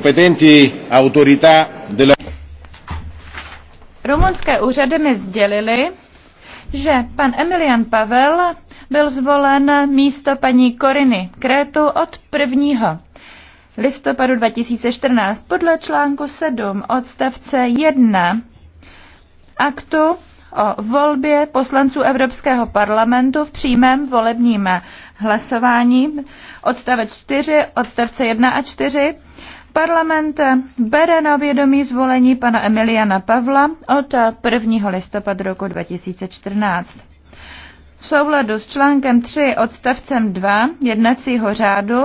competenti autorità della... Rumunské úřady mi sdělili, že pan Emilian Pavel byl zvolen místo paní Koriny Krétu od 1. listopadu 2014 podle článku 7 odstavce 1 aktu o volbě poslanců Evropského parlamentu v přímém volebním hlasování odstavec 4, odstavce 1 a 4 Parlament bere na vědomí zvolení pana Emiliana Pavla od 1. listopadu roku 2014. V souladu s článkem 3 odstavcem 2 jednacího řádu,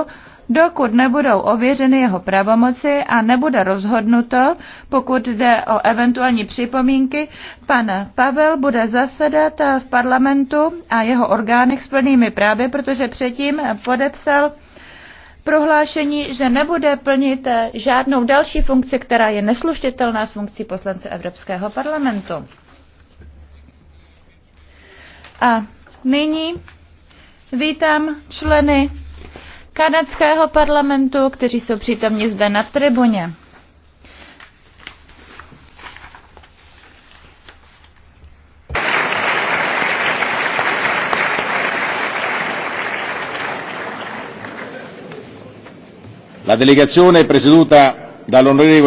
dokud nebudou ověřeny jeho pravomoci a nebude rozhodnuto, pokud jde o eventuální připomínky, pan Pavel bude zasedat v parlamentu a jeho orgánech s plnými právy, protože předtím podepsal prohlášení, že nebude plnit eh, žádnou další funkci, která je neslušitelná s funkcí poslance Evropského parlamentu. A nyní vítám členy kanadského parlamentu, kteří jsou přítomni zde na tribuně. la delegazione presieduta dall'on.